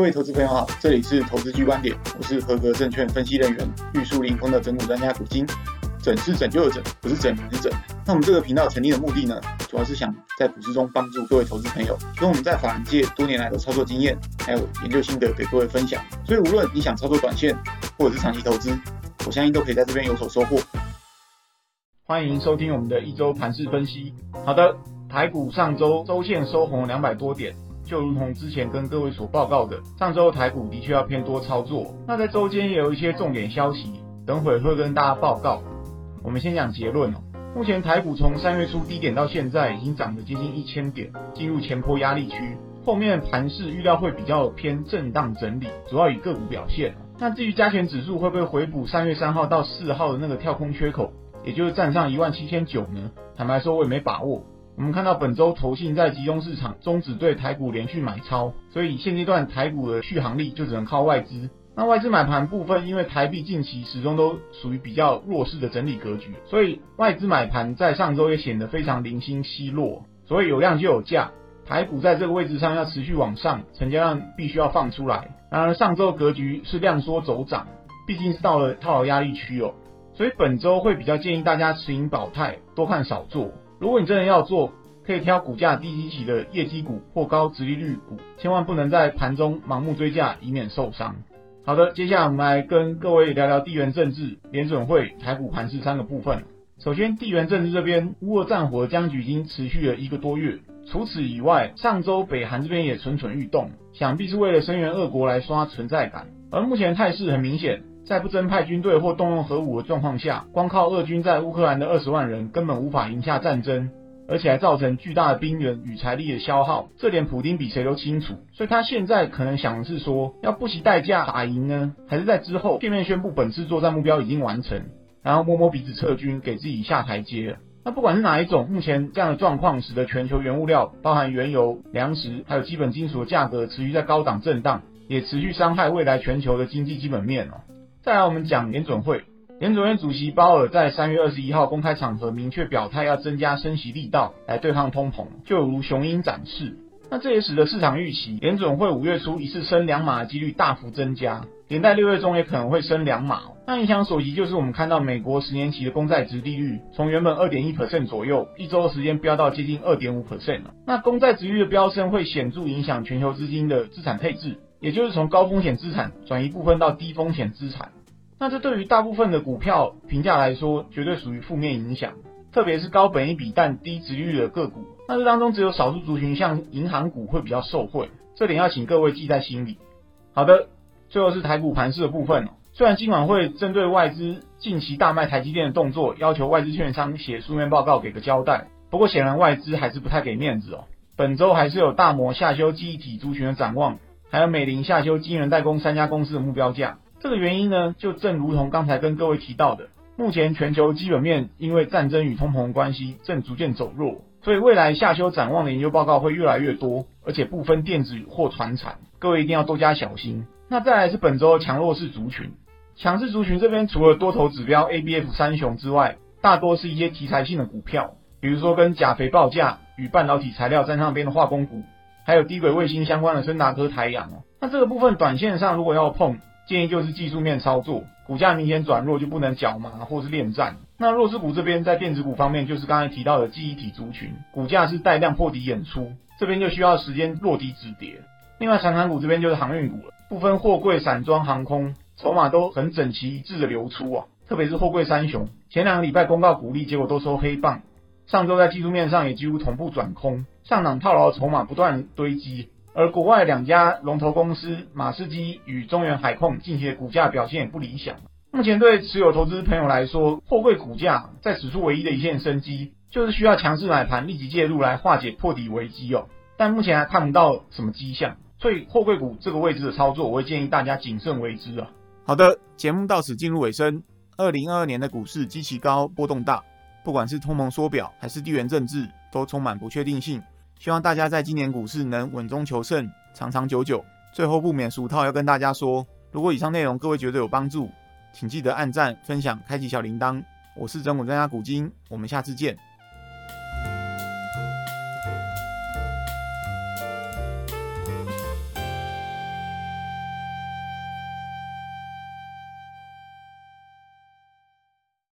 各位投資朋友好，這裡是投資 G 觀點，我是合格證券分析人員，玉樹臨風的整股專家古金。整是拯救的整，不是整不是整。那我們這個頻道成立的目的呢，主要是想在股市中幫助各位投資朋友，用我們在法人界多年來的操作經驗，還有研究心得給各位分享。所以無論你想操作短線，或者是長期投資，我相信都可以在這邊有所收穫。歡迎收聽我們的一周盤勢分析。好的，台股上周周線收紅兩百多點。就如同之前跟各位所報告的，上週台股的確要偏多操作。那在週間也有一些重點消息，等會會跟大家報告。我們先講結論哦，目前台股從三月初低點到現在，已經漲了接近一千點，進入前波壓力區，後面盤勢預料會比較偏震盪整理，主要以個股表現。那至於加權指數會不會回補三月三號到四號的那個跳空缺口，也就是站上一萬七千九呢？坦白說，我也沒把握。我們看到本周投信在集中市場終止對台股連續買超，所以現階段台股的續航力就只能靠外資。那外資買盤部分，因為台幣近期始終都屬於比較弱勢的整理格局，所以外資買盤在上周也顯得非常零星稀落。所以有量就有價，台股在這個位置上要持續往上，成交量必須要放出來。然而上周格局是量縮走漲，畢竟是到了套牢壓力區哦，所以本周會比較建議大家持盈保泰，多看少做。如果你真的要做，可以挑股價低、低基期的業績股或高殖利率股，千萬不能在盤中盲目追價，以免受傷。好的，接下來我們來跟各位聊聊地緣政治、聯準會、台股盤勢三個部分。首先，地緣政治這邊，烏俄戰火僵局已經持續了一個多月。除此以外，上周北韓這邊也蠢蠢欲動，想必是為了聲援俄國來刷存在感。而目前的態勢很明顯。在不增派軍隊或動用核武的狀況下，光靠俄軍在烏克蘭的二十萬人根本無法贏下戰爭，而且還造成巨大的兵員與財力的消耗。這點普丁比誰都清楚，所以他現在可能想的是說，要不惜代價打贏呢，還是在之後片面宣布本次作戰目標已經完成，然後摸摸鼻子撤軍，給自己下台階？那不管是哪一種，目前這樣的狀況使得全球原物料，包含原油、糧食還有基本金屬的價格持續在高檔震盪，也持續傷害未來全球的經濟基本面喔。再來，我們講聯準會，聯準會主席鮑爾在三月二十一號公開場合明確表態，要增加升息力道來對抗通膨，就如雄鷹展翅。那這也使得市場預期聯準會五月初一次升兩碼的幾率大幅增加，連帶六月中也可能會升兩碼。那影響所及就是我們看到美國十年期的公債殖利率從原本二點一%左右，一週的時間飆到接近二點五%了。那公債殖利率的飆升會顯著影響全球資金的資產配置。也就是從高風險資產轉移部分到低風險資產，那這對於大部分的股票評價來說，絕對屬於負面影響。特別是高本益比但低殖利率的個股，那這當中只有少數族群，像銀行股會比較受惠，這點要請各位記在心裡。好的，最後是台股盤勢的部分哦。雖然今晚會針對外資近期大賣台積電的動作，要求外資券商寫書面報告給個交代，不過顯然外資還是不太給面子哦。本周還是有大摩下修記憶體族群的展望。還有美林下修晶圓代工三家公司的目標價。這個原因呢，就正如同剛才跟各位提到的，目前全球基本面因為戰爭與通膨關係正逐漸走弱，所以未來下修展望的研究報告會越來越多，而且不分電子或傳產，各位一定要多加小心。那再來是本周強弱勢族群，強勢族群這邊除了多頭指標 ABF 三雄之外，大多是一些題材性的股票，比如說跟鉀肥報價與半導體材料沾上邊的化工股。還有低軌衛星相關的昇達科、台揚啊，那這個部分短線上如果要碰，建議就是技術面操作，股價明顯轉弱就不能腳麻或是戀戰。那弱勢股這邊在電子股方面，就是剛才提到的記憶體族群，股價是帶量破底演出，這邊就需要時間落底止跌。另外，長航股這邊就是航運股了，部分貨櫃、散裝、航空，籌碼都很整齊一致的流出啊，特別是貨櫃三雄，前兩個禮拜公告股利，結果都收黑棒。上週在技術面上也幾乎同步轉空，上漲套牢籌碼不斷堆積，而國外兩家龍頭公司馬士基與中遠海控近期的股價表現也不理想。目前對持有投資朋友來說，貨櫃股價在此處唯一的一線生機，就是需要強勢買盤立即介入來化解破底危機哦、喔。但目前還看不到什麼跡象，所以貨櫃股這個位置的操作，我會建議大家謹慎為之啊、喔。好的，節目到此進入尾聲。二零二二年的股市極其高波動大。不管是通膨、縮表還是地緣政治，都充滿不確定性。希望大家在今年股市能穩中求勝，長長久久。最後不免俗套，要跟大家說：如果以上內容各位覺得有幫助，請記得按讚、分享、開啟小鈴鐺。我是整股專家古今，我們下次見。